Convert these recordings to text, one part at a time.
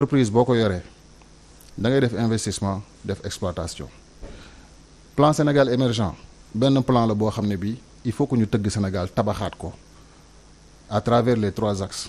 entreprise boo ko yoree da ngay def investissement def exploitation plan Sénégal émergent benn plan la boo xam ne bii il faut que ñu tëgg Sénégal tabaxaat ko à travers les trois axes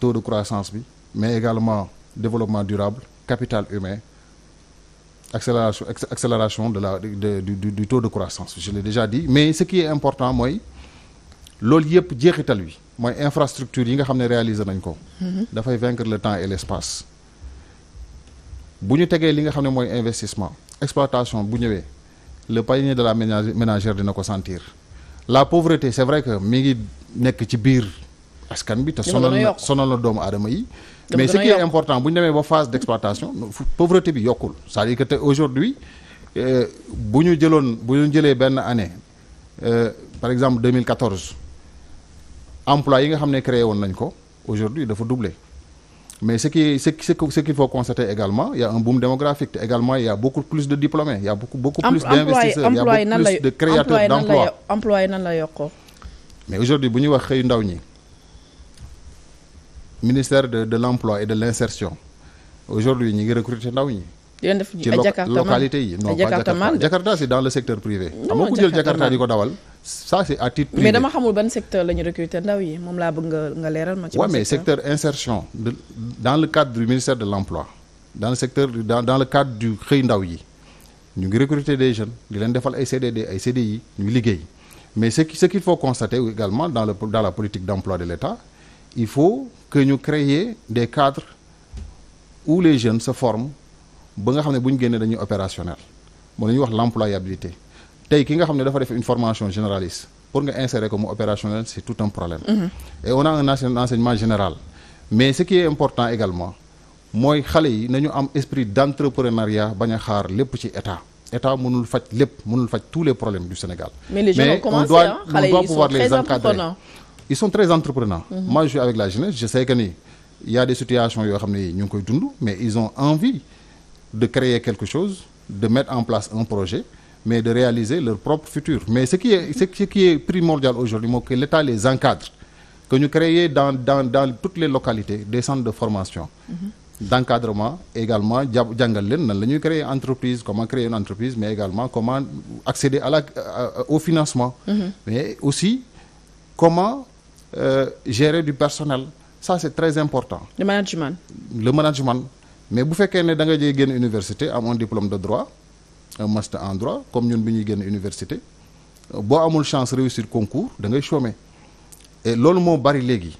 taux de croissance bi mais également développement durable capital humain accélération accélération de la de, du, taux de croissance je l'ai déjà di mais ce qui est important mooy loolu yëpp jeexital wi mooy infrastructure yi nga xam ne réaliser nañ ko. Mhm. dafay vaincre le temps et l' espace. bu ñu tegee li nga xam ne mooy investissement exploitation bu ñëwee le panier de la ménagère dina ko sentir la pauvreté c' est vrai que mi ngi nekk ci biir askan bi te sonal na sonal na doomu aadama yi mais ce qui important bu ñu demee ba phase d' exploitation pauvreté bi yokkul c' est à dire que te aujourd'hui euh, bu ñu jëloon bu ñu jëlee benn année euh, par exemple 2014 emploi yi nga xam ne créé woon nañ ko aujourd'hui dafa doublé mais ce qui ce qui ce qu'il faut constater également il y a un boom démographique te également il y a beaucoup plus de diplômés il y a beaucoup plus d'investisseurs il beaucoup plus de créateurs d'emplois mais aujourd'hui bu ñuy wax xëyu ndaw ñi ministère de de l'emploi et de l'insertion aujourd'hui ñi ngi recruter ndaw ñi ci localité yi non Jakarta Jakarta dans le secteur privé xam Jakarta di ko dawal ça c'est à titre privé. mais dama xamul ban secteur la ñu recruter ndaw yi moom laa bëgg nga nga leeral ma. ci waaw mais secteur insertion de dans le cadre du ministère de l'emploi dans le secteur dans dans le cadre du xëy ndaw yi ñu ngi recruter des jeunes di leen defal ay CDD ay CDI ñu liggéey mais ce qui ce qu'il faut constater également dans le dans la politique d'emploi de l'État il faut que ñu créer des cadre où les jeunes se forment ba nga xam ne bu ñu génnee dañuy opérationnel moom la ñuy wax l'employabilité. tey ki nga xam ne dafa def une formation généraliste pour nga insérer ko mu opérationnel c'est tout un problème. Mhm. et on a un enseignement général. mais ce qui est important également mooy xale yi nañu am esprit d'entrepreneuriat bañ a xaar lépp ci état. état mënul faj lépp mënul faj tous les problèmes du Sénégal. mais les jeunes ont commencé hein xale yi ils sont très entreprenants mhm. ils sont avec la jeunesse je sais que ni y a des yoo xam ne ñu ngi koy dund mais ils ont envie de créer quelque chose de mettre en place un projet. mais de réaliser leur propre futur. Mais ce qui est, ce qui est primordial aujourd'hui, c'est que l'État les encadre, que nous créions dans, dans, dans, toutes les localités des centres de formation. Mhm. d'encadrement également jàngal leen nan la ñuy créer entreprise comment créer une entreprise mais également comment accéder à la euh, au financement mhm. mais aussi comment euh, gérer du personnel ça c'est très important le management le management mais bu fekkee ne da nga jee génn université am un de droit un master en comme ñun bi ñuy génn université boo amul chance réussir concours da ngay chômer et loolu moo bari léegi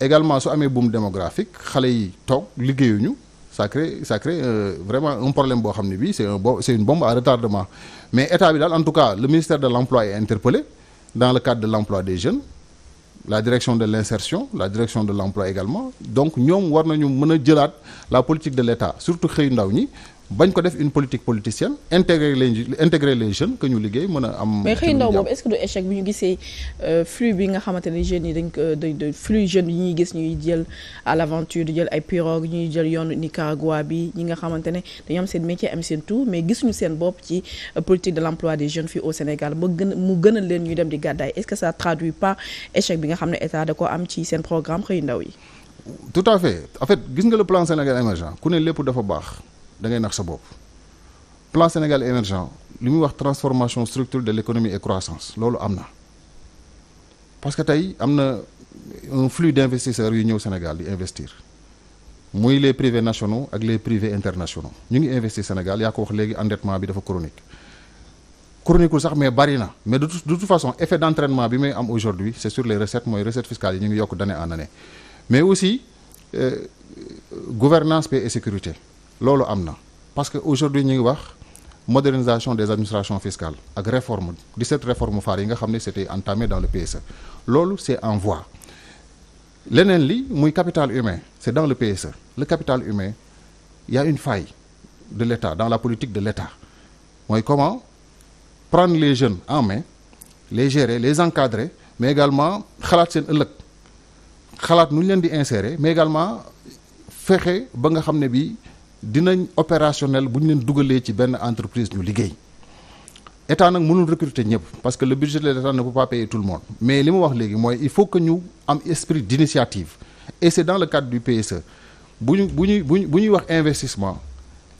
également su amee boom démographique xale yi toog liggéeyuñu ça crée ça crée euh, vraiment un problème boo xam ne bii c'est un bo c'est retardement mais état bi daal en tout cas le ministère de l'emploi est interpellé dans le cadre de l'emploi des jeunes la direction de l'insertion la direction de l'emploi également donc ñoom war nañu mën a jëlaat la politique de l'État surtout xëyu ndaw ñi bañ ko def une politique politicienne intégrer les intégrer les jeunes que ñu liggéey mën a am. mais xëy ndaw boobu est-ce que du échec bi ñu gisee euh, flux bi nga xamante ne jeunes yi dañ ko dañ flux jeunes yi ñuy gis ñuy jël à l'aventure di jël ay pirogue ñuy jël yoonu Nicaragua bi ñi nga xamante ne dañu am seen métier am seen tout mais gisuñu seen bopp ci euh, politique de l'emploi de jeunes fii au Sénégal ba mu gën a leen ñuy dem di gàddaay est-ce que ça traduit pas échec bi nga xam ne état ko am ci seen programme xëy ndaw yi. tout à fait en fait le plan Sénégal lépp dafa baax. da ngay nax sa bopp plan Sénégal émergent li muy wax transformation structurelle de l'économie et croissance loolu am na parce que tey am na un flux d'investisseurs yu ñëw Sénégal di investir muy les privés nationaux ak les privés internationaux ñu ngi investir Sénégal yaa ko wax léegi endettement bi dafa chronique chronique sax mais bari na mais de toute, de toute façon effet d'entraînement bi may am aujourd'hui c'est sur les recettes mooy recette fiscale yi ñu mais aussi euh, gouvernance paix et loolu am na parce que aujourd'hui ñu ngi wax modernisation des administrations fiscales ak réforme 17 réformes phares yi nga xam ne c'était entamé dans le PSE loolu c'est en voie leneen li muy capital humain c'est dans le PSE le capital humain il une faille de l'État dans la politique de l'État mooy comment prendre les jeunes en mais les gérer les encadrer mais également xalaat seen ëllëg xalaat nu leen di insérer mais également fexe ba nga xam ne bii dinañ opérationnel bu ñu leen dugalee ci benn entreprise ñu liggéey état nag mënul recruter ñëpp parce que le budget de l'état ne peut pas payer tout le monde mais li mu wax léegi mooy il faut que ñu am esprit d'initiative et c'est dans le cadre du PSE bu ñu bu ñu bu bu ñuy wax investissement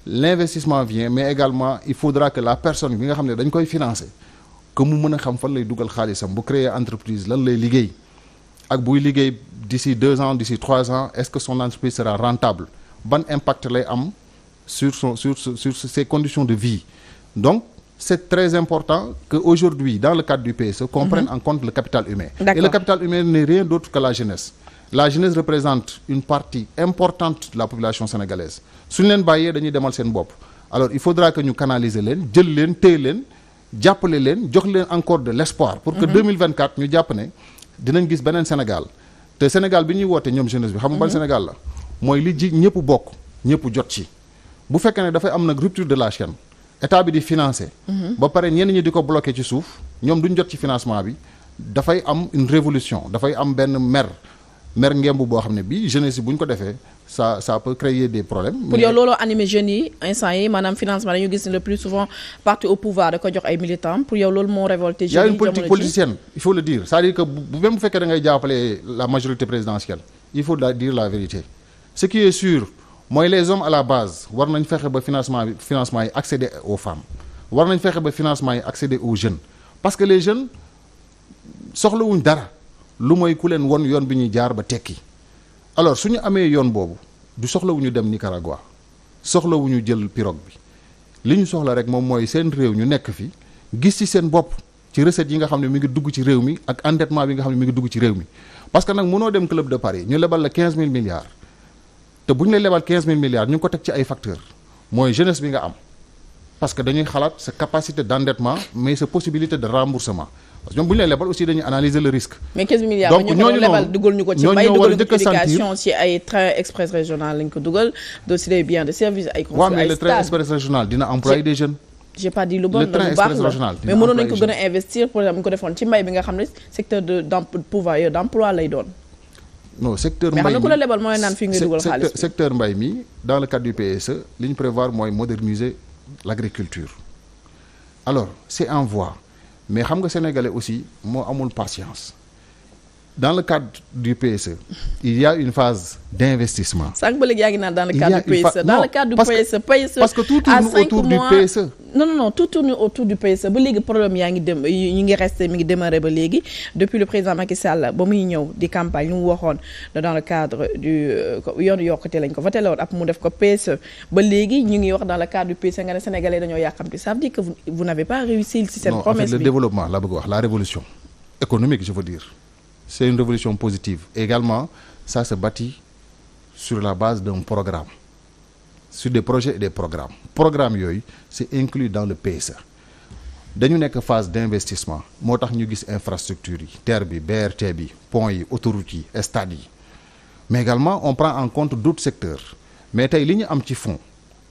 l'investissement vient mais également il faudra que la personne bi nga xam ne dañ koy financer que mu mën a xam fan lay dugal xaalisam bu créer entreprise lan lay liggéey ak buy liggéey d'ici deux ans d'ici trois ans est-ce que son entreprise sera rentable ban impact lay am sur son sur sur ses conditions de vie donc c'est très important que aujourd'hui dans le cadre du PSE qu'on mhm. prenne en compte le capital humain et le capital humain n'est rien d'autre que la jeunesse la jeunesse représente une partie importante de la population sénégalaise ñu leen bàyyee dañuy demal seen bopp alors il faudra que ñu canaliser leen jël leen téye leen jàppale leen jox leen encore de l'espoir pour que 2024 mhm. ñu jàpp ne dinañ gis beneen Sénégal te bi ñuy woote ñoom jeunesse bi xam nga ban mhm. Sénégal mooy li ji ñëpp bokk ñëpp jot ci bu fekkee ne dafay am nag rupture de la chaîne état bi di financer. Mhm. ba pare ñenn ñi di ko bloqué ci suuf ñoom duñ jot ci financement bi dafay am une révolution dafay am benn mer mer ngemb boo xam ne bii jeunesse yi bu ñu ko defee ça ça peut créer des problèmes. pour yow looloo animé jeunes yi instant yi maanaam financement dañu gis ne le plus souvent parti au pouvoir da ko jox ay militants pour yow loolu moo révolté. jeunes yi a une ce qui est sûr mooy les hommes à la base war nañ fexe ba financement bi financement yi accéder aux femmes war nañ fexe ba financement yi accéder aux jeunes parce que les jeunes soxlawuñ dara lu mooy ku leen won yoon bi ñuy jaar ba tekki alors suñu amee yoon boobu du soxlawuñu dem Nicaragua soxlawuñu jël pirogue bi li ñu soxla rek moom mooy seen réew ñu nekk fi gis ci seen bopp ci recette yi nga xam ne mi ngi dugg ci réew mi ak endettement bi nga xam ne mi ngi dugg ci réew mi parce que nag mënoo dem club de Paris ñu lebal la te bu ñu lay lebal 15000 milliards ñu ngi ko teg ci ay facteurs mooy jeunesse bi nga am parce que dañuy xalaat sa capacité d' mais sa possibilité de remboursement parce que ñoom bu ñu lay lebal aussi dañuy analyser le risque. mais 15 milliards donc ñooñu noonu lebal dugal ñu ko ci mbay dugal ñu ko ci éducation de service ay. conseils ay waaw dina employer des jeunes. j'ai pas dit lu bon la lu baax la mais mënoon ko gën a investir pour exemple mu ko defoon ci mbay bi nga lay doon. non secteur mbay mi mais xam nga ku la lebal mi dans le cadre du PSE li ñu prévoir mooy moderniser l' agriculture alors c' est en voie mais xam nga sénégalais aussi moo amul patience. dans le cadre du PSE il y a une phase d'investissement. sànq ba léegi yaa ngi naan dans le e. cadre du PSE. dans le PSE PSE. parce que tout e. tout tourne du PSE ba léegi problème yaa ngi dem yi ngi resté mi ngi démarré ba léegi depuis le président Macky Sall ba muy ñëw di campagne lu mu waxoon dans le cadre du euh, yoonu yokkute lañ ko voté la woon ab mu def ko PSE ba léegi ñu ngi wax dans le cadre du PSE nga ne Sénégalais dañoo yàqamti ça veut dire que vous n'avez pas réussi la bëgg wax la révolution économique je veux dire. c'est une révolution positive également ça se bâtit sur la base d'un programme sur des projets et des programmes programme yooyu c'est inclus dans le PSE dañu nekk phase d'investissement moo tax ñu gis infrastructure yi terre bi BRT bi pont yi autoroute yi stade yi mais également on prend en compte d'autres secteur mais tey li ñu am ci fonds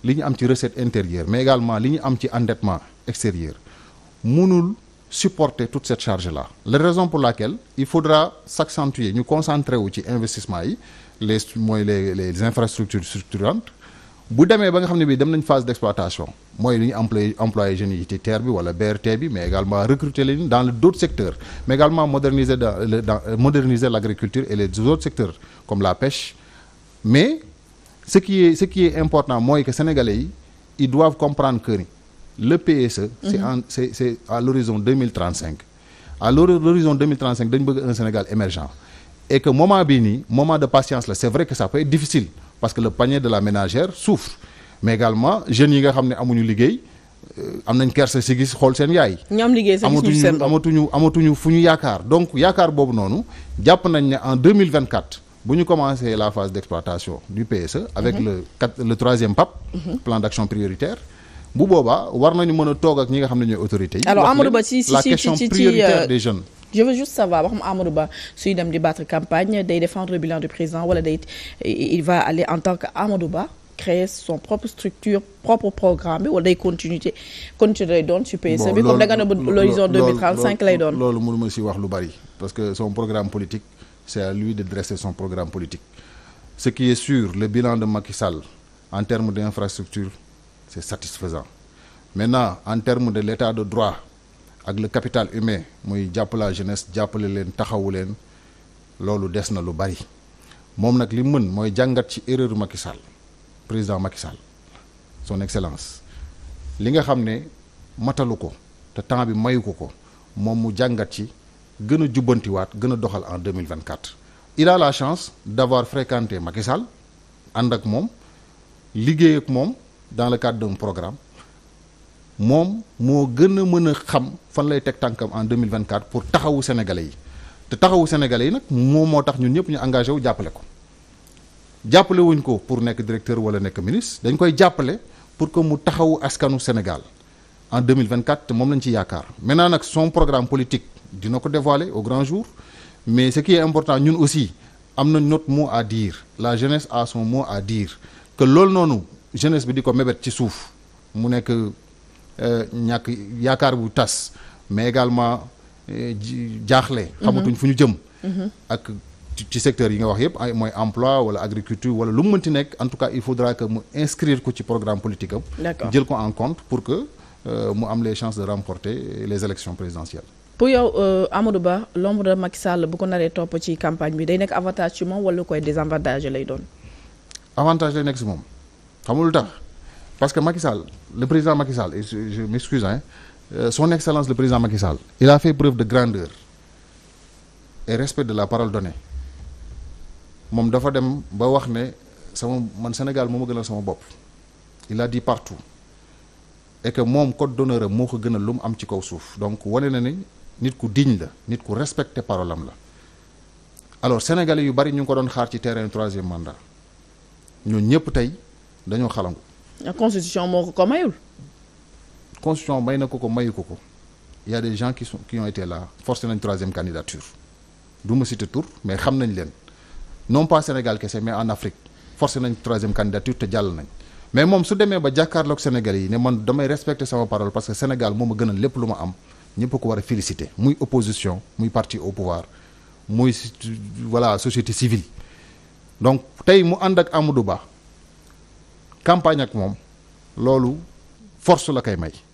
li ñu am ci recette intérieure mais également li ñu am ci endettement extérieur supporter toute cette charge là la raison pour laquelle il faudra s'accentuer ñu concentrer wu ci investissement yi les mooy les les infrastructures structurantes bu demee ba nga xam ne bii dem nañ phase d'exploitation mooy li ñu employé employé jeunes yi ci terre bi wala BRT bi mais également recruter leen dans d'autres secteurs mais également moderniser dans moderniser l'agriculture et les autres secteurs comme la pêche mais ce qui est ce qui est important mooy que sénégalais yi ils doivent que ni le PSE. c'est mhm. en c'est c'est à l'horizon 2035 à l'horizon 2035 dañu bëgg un Sénégal émergent et que moment bii nii moment de patience la c'est vrai que ça peut être difficile parce que le panier de la ménagère souffre mais également jeunes yi nga xam ne amuñu liggéey euh, am nañ kersa si gis xool seen yaay. ñoom liggéey sa gis seen amatuñu amatuñu fu ñu yaakaar donc yaakaar boobu noonu jàpp nañ ne en 2024 bu ñu commencé la phase d'exploitation du PSE. avec mhm. le le troisième PAP. Mhm. plan d'action prioritaire. bu boobaa war nañu mën a toog ak ñi nga xam ne ñooy autorités yi. alo Amadou Ba si si si si ci prioritaire euh, des jeunes. je dem di battre campagne day défendre le bilan du président wala day il va aller en tant que Amadou Ba créer son propre structure propre programme bi wala day continuité continuer day doon. su PSE bi comme da nga ne l'horizon lay doon. loolu mënu ma si wax lu bari parce que son programme politique c'est à lui de dresser son programme politique ce qui le bilan de Macky Sall en termes d'infrastructure c'est satisfaisant maintenant en termes de l'état de droit ak le capital humain muy jàppala jeunesse jàppale leen taxawu leen loolu des na lu bari moom nag li mën mooy jàngat ci erreur Macky Sall président Macky Sall son excellence li nga xam ne matalu ko te temps bi mayu ko ko moom mu jàngat ci gën a jubbantiwaat gën a doxal en 2024 il a la chance d'avoir fréquenté Macky Sall ànd ak moom liggéey ak moom dans le cadre d'un programme moom moo gën a mën a xam fan lay teg tànkam en 2024 pour taxawu sénégalais yi te taxawu sénégalais yi nag moom moo tax ñun ñëpp ñu engagé wu jàppale ko jàppalewuñ ko pour nekk directeur wala nekk ministre dañ koy jàppale pour que mu taxawu askanu Sénégal en 2024 te moom lañ ci yaakaar maintenant nag son programme politique dina ko dévoiler au grand jour mais ce qui est important ñun aussi am na not mot à dire la jeunesse a son à dire que loolu noonu jeunesse bi di ko mébét ci suuf mu nekk euh, ñàkk yaakaar bu tas mais également euh, jaaxle. Mhm. xamatuñ fu ñu jëm. Mhm. ak ci secteur yi nga wax yëpp ay mooy emploi wala agriculture wala lu mu mënti nekk en tout cas il faudra que mu inscrire ko ci programme politique jël ko en compte pour que euh, mu am les chances de remporter les élections présidentielles. pour yow Amadou Ba l'ombre de Macky Sall bu ko naree topp ci campagne bi day nekk avantage ci moom wala lu koy désavantage lay doon. avantage lay si moom. xamul tax parce que Macky le président Macky Sall et je, je m'excuse hein euh, son excellence le président Macky Sall il a preuve de grandeur et respect de la parole donnée moom dafa dem ba wax ne sama man Sénégal moo ma a sama bopp il a dit partout et que moom code d'honneur moo ko gën a lu mu am ci kaw suuf donc wane na ni nit ku digne la nit ku respecté parole am la alors sénégal yu bari ñu ngi ko doon xaar ci terrain troisième mandat ñoo ñëpp tey dañoo xalangu. Ah, constitution moo ko ko mayul. constitution may na ko ko mayu ko ko y a des gens qui sont qui ont été là forcé nañ troisième candidature du ma citer tur mais xam nañ leen non pas Sénégal kese mais en Afrique forcé nañ troisième candidature te jàll nañ. mais moom su demee ba jàkkaarloog Sénégal yi ne man damay respecter sama parole parce que Sénégal moo a gënal lépp lu ma am ñëpp ko war a féliciter muy opposition muy parti au pouvoir muy voilà société civile donc tey mu ànd ak Amadou Ba. campagne ak moom loolu force la koy may